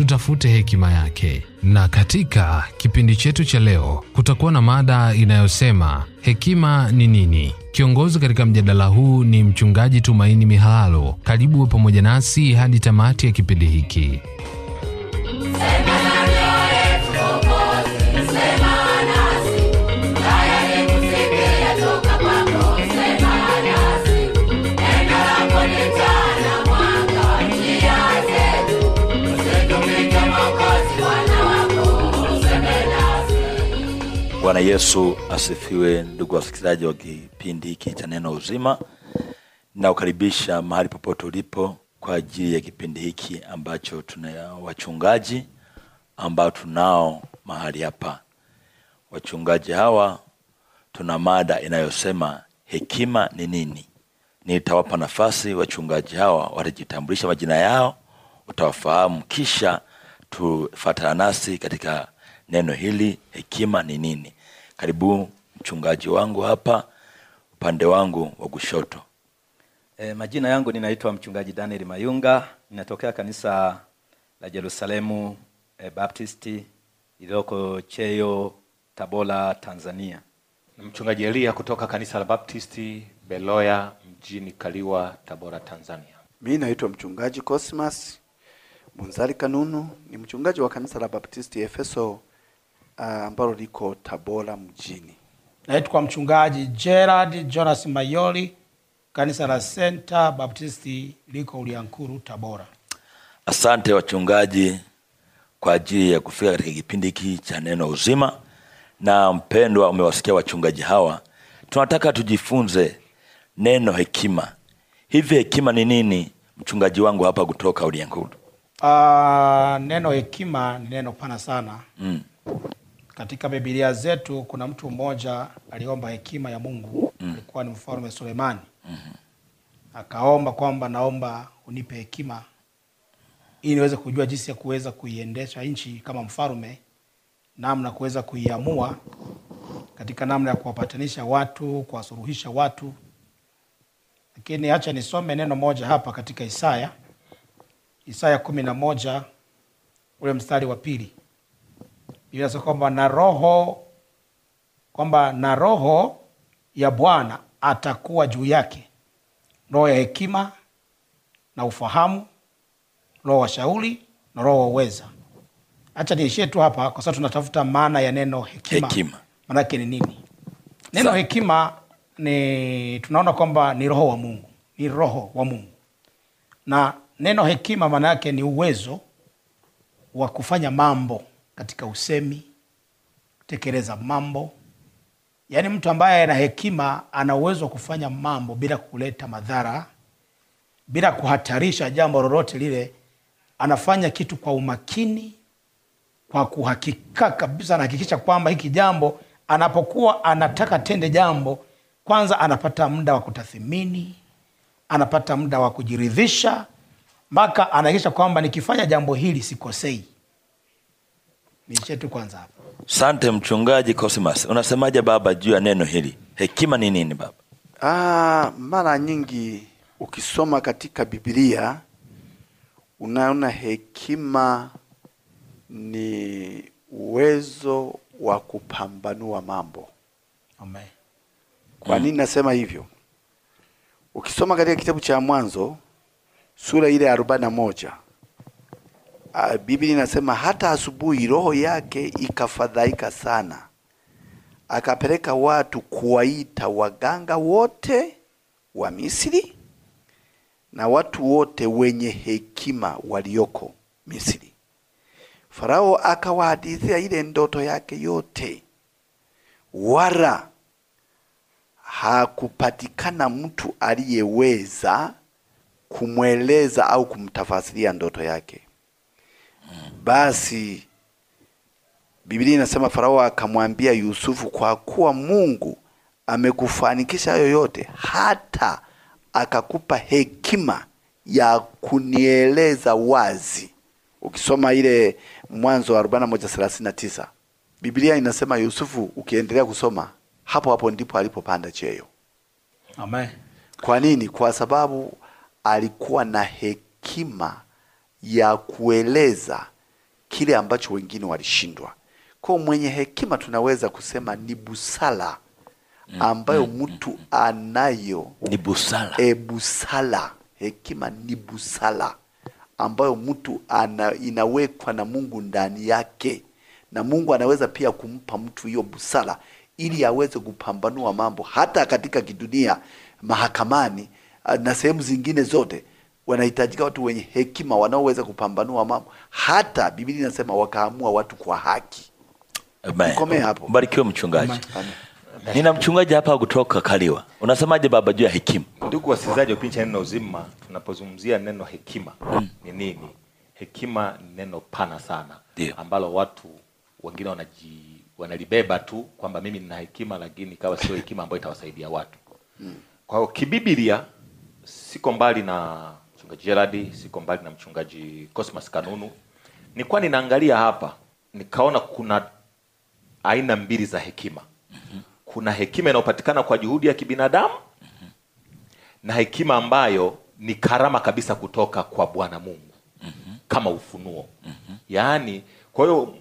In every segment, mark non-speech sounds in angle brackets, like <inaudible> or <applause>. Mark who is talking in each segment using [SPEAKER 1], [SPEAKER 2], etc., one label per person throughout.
[SPEAKER 1] tutafute hekima yake. Na katika kipindi chetu cha leo kutakuwa na mada inayosema hekima ni nini? Kiongozi katika mjadala huu ni mchungaji Tumaini Mihalalo. Karibu pamoja nasi hadi tamati ya kipindi hiki.
[SPEAKER 2] Bwana Yesu asifiwe, ndugu wasikilizaji wa kipindi hiki cha neno uzima. Ninakukaribisha mahali popote ulipo kwa ajili ya kipindi hiki ambacho tuna wachungaji ambao tunao mahali hapa. Wachungaji hawa tuna mada inayosema hekima ni nini? Nitawapa nafasi wachungaji hawa, watajitambulisha majina yao, utawafahamu, kisha tufuatana nasi katika neno hili, hekima ni nini? Karibu mchungaji wangu hapa upande wangu wa kushoto.
[SPEAKER 3] E, majina yangu ninaitwa mchungaji Daniel Mayunga, ninatokea kanisa la Jerusalemu e, Baptisti iliyoko
[SPEAKER 4] Cheyo, Tabora, Tanzania. Mchungaji Elia kutoka kanisa la Baptisti
[SPEAKER 5] Beloya mjini Kaliwa,
[SPEAKER 4] Tabora, Tanzania.
[SPEAKER 5] Mimi naitwa mchungaji Cosmas Munzali Kanunu, ni mchungaji wa kanisa la Baptisti Efeso Uh, ambalo liko Tabora mjini.
[SPEAKER 6] Naitwa mchungaji Gerard Jonas Mayoli, kanisa la Center Baptisti liko Uliankuru, Tabora.
[SPEAKER 2] Asante wachungaji kwa ajili ya kufika katika kipindi hiki cha neno uzima. Na mpendwa, umewasikia wachungaji hawa, tunataka tujifunze neno hekima. Hivi hekima ni nini, mchungaji wangu hapa kutoka Uliankuru?
[SPEAKER 6] Uh, neno hekima ni neno pana sana mm. Katika Biblia zetu kuna mtu mmoja aliomba hekima ya Mungu mm. alikuwa ni mfalme Sulemani mm -hmm. akaomba kwamba naomba unipe hekima ili niweze kujua jinsi ya kuweza kuiendesha nchi kama mfalme, namna kuweza kuiamua katika namna ya kuwapatanisha watu, kuwasuluhisha watu. Lakini hacha nisome neno moja hapa katika Isaya, Isaya kumi na moja ule mstari wa pili Biblia kwamba na roho kwamba na roho ya Bwana atakuwa juu yake, roho ya hekima na ufahamu, roho wa shauri na roho wa uweza. Hacha niishie tu hapa, kwa sababu tunatafuta maana ya neno hekima, hekima. Maanake ni nini neno Sa hekima? Ni tunaona kwamba ni roho wa Mungu, ni roho wa Mungu, na neno hekima maana yake ni uwezo wa kufanya mambo katika usemi, kutekeleza mambo. Yaani mtu ambaye ana hekima ana uwezo wa kufanya mambo bila kuleta madhara, bila kuhatarisha jambo lolote lile. Anafanya kitu kwa umakini, kwa kuhakika kabisa, anahakikisha kwamba hiki jambo, anapokuwa anataka tende jambo, kwanza anapata muda wa kutathimini, anapata muda wa kujiridhisha, mpaka anahakikisha kwamba nikifanya jambo hili sikosei niishie tu kwanza hapa.
[SPEAKER 2] Sante mchungaji Cosmas, unasemaje baba juu ya neno hili? Hekima ni nini baba?
[SPEAKER 5] Ah, mara nyingi ukisoma katika Biblia unaona hekima ni uwezo wa kupambanua mambo. Amen. Kwa mm. nini nasema hivyo? Ukisoma katika kitabu cha Mwanzo sura ile ya arobaini na moja uh, Biblia inasema hata asubuhi roho yake ikafadhaika sana, akapeleka watu kuwaita waganga wote wa Misri na watu wote wenye hekima walioko Misri. Farao akawahadithia ile ndoto yake yote, wala hakupatikana mtu aliyeweza kumweleza au kumtafasiria ndoto yake. Basi Biblia inasema Farao akamwambia Yusufu, kwa kuwa Mungu amekufanikisha hayo yote, hata akakupa hekima ya kunieleza wazi. Ukisoma ile Mwanzo wa 41:39 Biblia inasema Yusufu, ukiendelea kusoma hapo hapo ndipo alipopanda cheo. Amen. Kwa nini? Kwa sababu alikuwa na hekima ya kueleza kile ambacho wengine walishindwa. Kwa mwenye hekima tunaweza kusema ni busala mm, ambayo mm, mtu mm, anayo, ni busala. e, busala, Hekima ni busala ambayo mtu ana, inawekwa na Mungu ndani yake, na Mungu anaweza pia kumpa mtu hiyo busala ili aweze kupambanua mambo hata katika kidunia, mahakamani na sehemu zingine zote wanahitajika watu wenye hekima wanaoweza kupambanua mambo. Hata Biblia inasema wakaamua watu kwa haki.
[SPEAKER 2] Nikomee hapo. Barikiwe mchungaji. Nina mchungaji hapa kutoka Kaliwa. Unasemaje baba
[SPEAKER 4] juu ya hekima? Ndugu wasikilizaji, kipindi cha neno uzima, tunapozungumzia neno hekima mm, ni nini? Hekima ni neno pana sana Dio, ambalo watu wengine wanaji wanalibeba tu kwamba mimi nina hekima, lakini ikawa sio hekima ambayo itawasaidia watu. Hmm. Kwa hiyo kibiblia, siko mbali na mchungaji Gerard, siko mbali na mchungaji Cosmas Kanunu. Nilikuwa ninaangalia hapa nikaona kuna aina mbili za hekima. Kuna hekima inayopatikana kwa juhudi ya kibinadamu na hekima ambayo ni karama kabisa kutoka kwa Bwana Mungu kama ufunuo. Yaani, kwa hiyo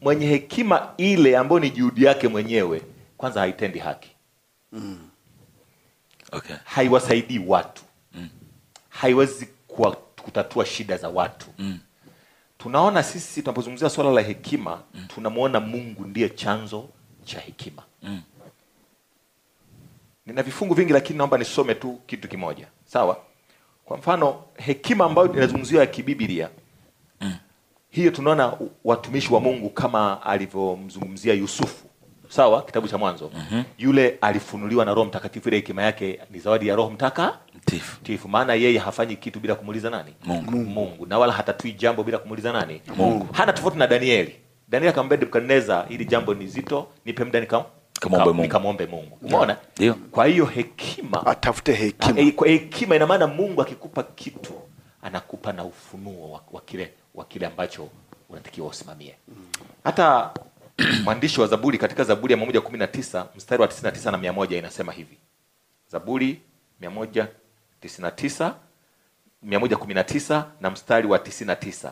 [SPEAKER 4] mwenye hekima ile ambayo ni juhudi yake mwenyewe kwanza haitendi haki. Mm. Okay. Haiwasaidii watu haiwezi kuwa, kutatua shida za watu mm. Tunaona sisi tunapozungumzia swala la hekima mm. tunamwona Mungu ndiye chanzo cha hekima mm. Nina vifungu vingi lakini naomba nisome tu kitu kimoja, sawa? Kwa mfano hekima ambayo inazungumziwa ya kibibilia mm. hiyo tunaona watumishi wa Mungu kama alivyomzungumzia Yusufu, sawa? Kitabu cha Mwanzo mm -hmm. yule alifunuliwa na Roho Mtakatifu, ile hekima yake ni zawadi ya Roho mtaka mtakatifu tiifu. Maana yeye hafanyi kitu bila kumuuliza nani? Mungu. Mungu, mungu na wala hatatui jambo bila kumuuliza nani? Mungu. Hana tofauti na Danieli. Danieli akamwambia nebukadnezar ili jambo ni zito, nipe muda nikam nikamwombe Mungu. Umeona? Ndio. Kwa hiyo hekima, atafute hekima. E, kwa hekima ina maana Mungu akikupa kitu anakupa na ufunuo wa, wa kile wa kile ambacho unatakiwa usimamie. Hata <clears throat> mwandishi wa Zaburi katika Zaburi ya mia moja kumi na tisa mstari wa tisini na tisa na mia moja inasema hivi Zaburi mia moja 99 119 na mstari wa 99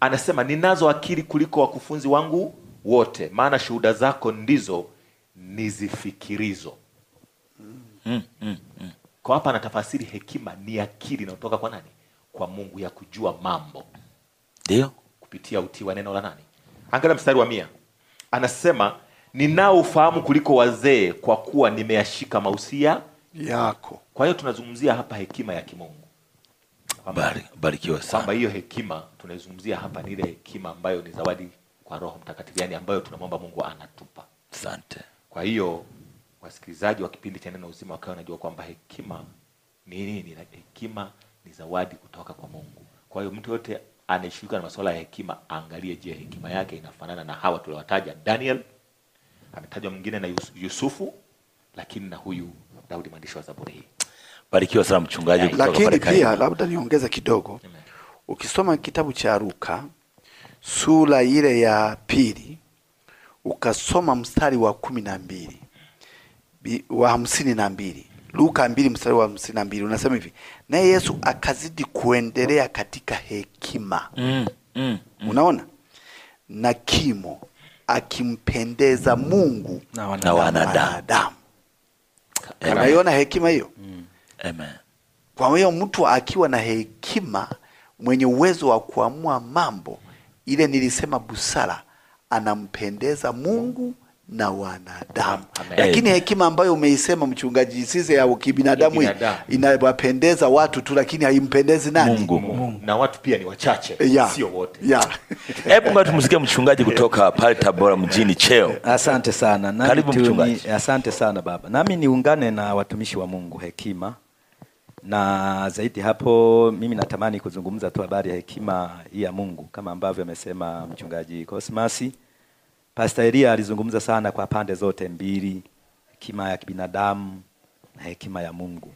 [SPEAKER 4] anasema, ninazo akili kuliko wakufunzi wangu wote, maana shuhuda zako ndizo nizifikirizo. mm, mm, mm. Kwa hapa anatafasiri hekima ni akili inayotoka kwa nani? Kwa Mungu ya kujua mambo, ndio kupitia utii wa neno la nani? Angalia mstari wa mia, anasema ninao ufahamu kuliko wazee, kwa kuwa nimeyashika mausia yako. Kwa hiyo tunazungumzia hapa hekima ya kimungu. Barikiwe sana. Kwamba hiyo hekima tunaizungumzia hapa ni ile hekima ambayo ni zawadi kwa Roho Mtakatifu, yani ambayo tunamwomba Mungu anatupa. Asante. Kwa hiyo wasikilizaji wa kipindi cha Neno Uzima wakawa wanajua kwamba hekima ni nini, na hekima ni zawadi kutoka kwa Mungu. Kwa hiyo mtu yote anayeshughulika na masuala ya hekima angalie, je, hekima yake inafanana na hawa tuliowataja? Daniel ametajwa, mwingine na Yusufu, lakini na huyu Daudi mwandishi wa Zaburi hii. Barikiwa sana mchungaji yeah. Kutoka lakini pia
[SPEAKER 5] labda niongeze kidogo Amen. Ukisoma kitabu cha Luka sura ile ya pili ukasoma mstari wa kumi na mbili wa hamsini na mbili Luka mbili mstari wa hamsini na mbili unasema hivi, naye Yesu akazidi kuendelea katika hekima mm, mm, mm. Unaona na kimo, akimpendeza Mungu na wanadamu anaiona hekima hiyo mm. Amen. Kwa hiyo mtu akiwa na hekima, mwenye uwezo wa kuamua mambo, ile nilisema busara, anampendeza Mungu na wanadamu Amen. Lakini hekima ambayo umeisema mchungaji Size ya kibinadamu inawapendeza watu tu, lakini haimpendezi nani? Mungu. Mungu.
[SPEAKER 4] Na watu pia ni wachache,
[SPEAKER 2] sio wote. <laughs> Hebu ngoja tumsikie mchungaji kutoka pale Tabora mjini cheo.
[SPEAKER 3] Asante sana nami, karibu mchungaji. Asante sana baba, nami niungane na watumishi wa Mungu hekima, na zaidi hapo mimi natamani kuzungumza tu habari ya hekima hii ya Mungu kama ambavyo amesema mchungaji Cosmas Pastor Elia alizungumza sana kwa pande zote mbili, hekima ya kibinadamu na hekima ya Mungu,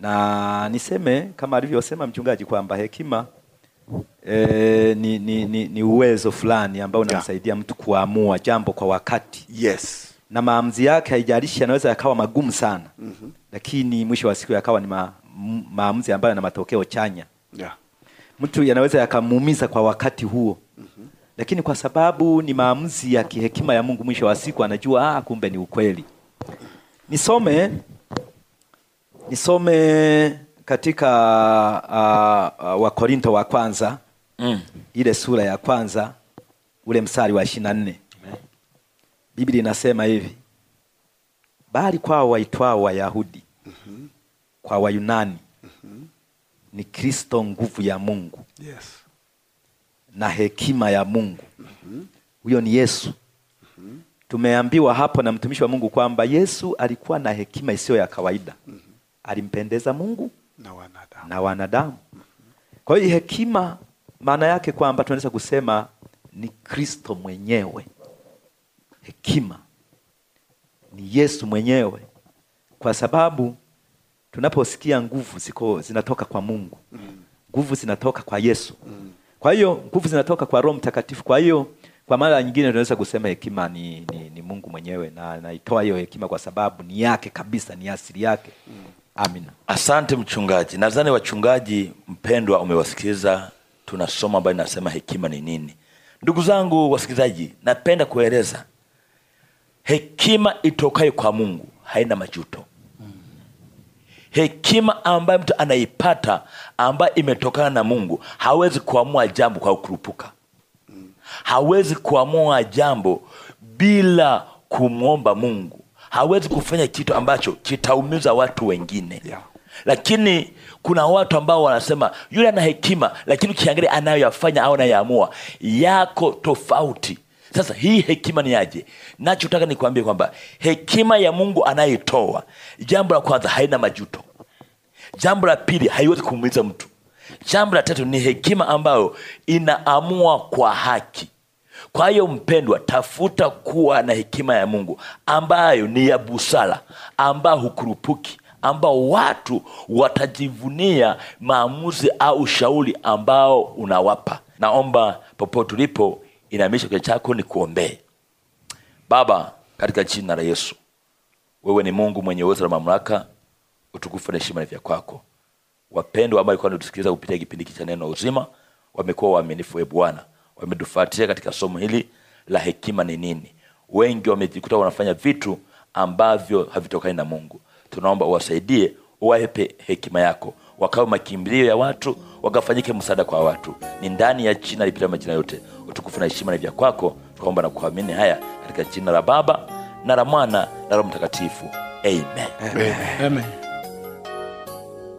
[SPEAKER 3] na niseme kama alivyosema mchungaji kwamba hekima e, ni, ni, ni, ni uwezo fulani ambao unamsaidia mtu kuamua jambo kwa wakati yes. na maamuzi yake haijalishi, yanaweza yakawa magumu sana mm -hmm. lakini mwisho wa siku yakawa ni ma, maamuzi ambayo yana matokeo chanya yeah. mtu yanaweza yakamuumiza kwa wakati huo lakini kwa sababu ni maamuzi ya kihekima ya Mungu, mwisho wa siku anajua ah, kumbe ni ukweli. Nisome nisome katika uh, uh, Wakorinto wa kwanza mm. ile sura ya kwanza ule msari wa ishirini na nne Biblia inasema hivi, bali kwao waitwao Wayahudi mm -hmm. kwa Wayunani mm -hmm. ni Kristo nguvu ya Mungu yes na hekima ya Mungu. Huyo ni Yesu. Tumeambiwa hapo na mtumishi wa Mungu kwamba Yesu alikuwa na hekima isiyo ya kawaida, alimpendeza Mungu na wanadamu, na wanadamu. Kwa hiyo hekima maana yake kwamba tunaweza kusema ni Kristo mwenyewe. Hekima ni Yesu mwenyewe, kwa sababu tunaposikia nguvu ziko zinatoka kwa Mungu, nguvu zinatoka kwa Yesu. Kwa hiyo nguvu zinatoka kwa Roho Mtakatifu. Kwa hiyo kwa mara nyingine tunaweza kusema hekima ni,
[SPEAKER 2] ni, ni Mungu mwenyewe na anaitoa hiyo hekima kwa sababu ni yake kabisa, ni asili yake. Amina, asante mchungaji. Nadhani wachungaji mpendwa, umewasikiliza tunasoma ambayo inasema hekima ni nini. Ndugu zangu wasikilizaji, napenda kueleza hekima itokayo kwa Mungu haina majuto. Hekima ambayo mtu anaipata ambayo imetokana na Mungu hawezi kuamua jambo kwa kukurupuka, hawezi kuamua jambo bila kumwomba Mungu, hawezi kufanya kitu ambacho kitaumiza watu wengine yeah. Lakini kuna watu ambao wanasema yule ana hekima, lakini ukiangalia anayoyafanya au anayoyaamua yako tofauti. Sasa hii hekima ni aje? Nachotaka nikuambie kwamba hekima ya Mungu anayeitoa, jambo la kwanza, haina majuto. Jambo la pili, haiwezi kumuumiza mtu. Jambo la tatu ni hekima ambayo inaamua kwa haki. Kwa hiyo mpendwa, tafuta kuwa na hekima ya Mungu ambayo ni ya busara, ambayo hukurupuki, ambao watu watajivunia maamuzi au ushauri ambao unawapa. Naomba popote ulipo, inaamisha kicho chako ni kuombee. Baba, katika jina la Yesu, wewe ni Mungu mwenye uwezo na mamlaka utukufu na heshima ni vya kwako. Wapendwa ambao walikuwa wanatusikiliza kupitia kipindi cha neno uzima, wamekuwa waaminifu. E Bwana, wametufuatia katika somo hili la hekima ni nini. Wengi wamejikuta wanafanya vitu ambavyo havitokani na Mungu. Tunaomba uwasaidie, uwape hekima yako, wakawe makimbilio ya watu, wakafanyike msaada kwa watu. Ni ndani ya jina lipita majina yote, utukufu na heshima ni vya kwako. Tukaomba na kuamini haya katika jina la Baba na la Mwana na la Mtakatifu, amen, amen. amen. amen.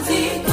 [SPEAKER 1] kazi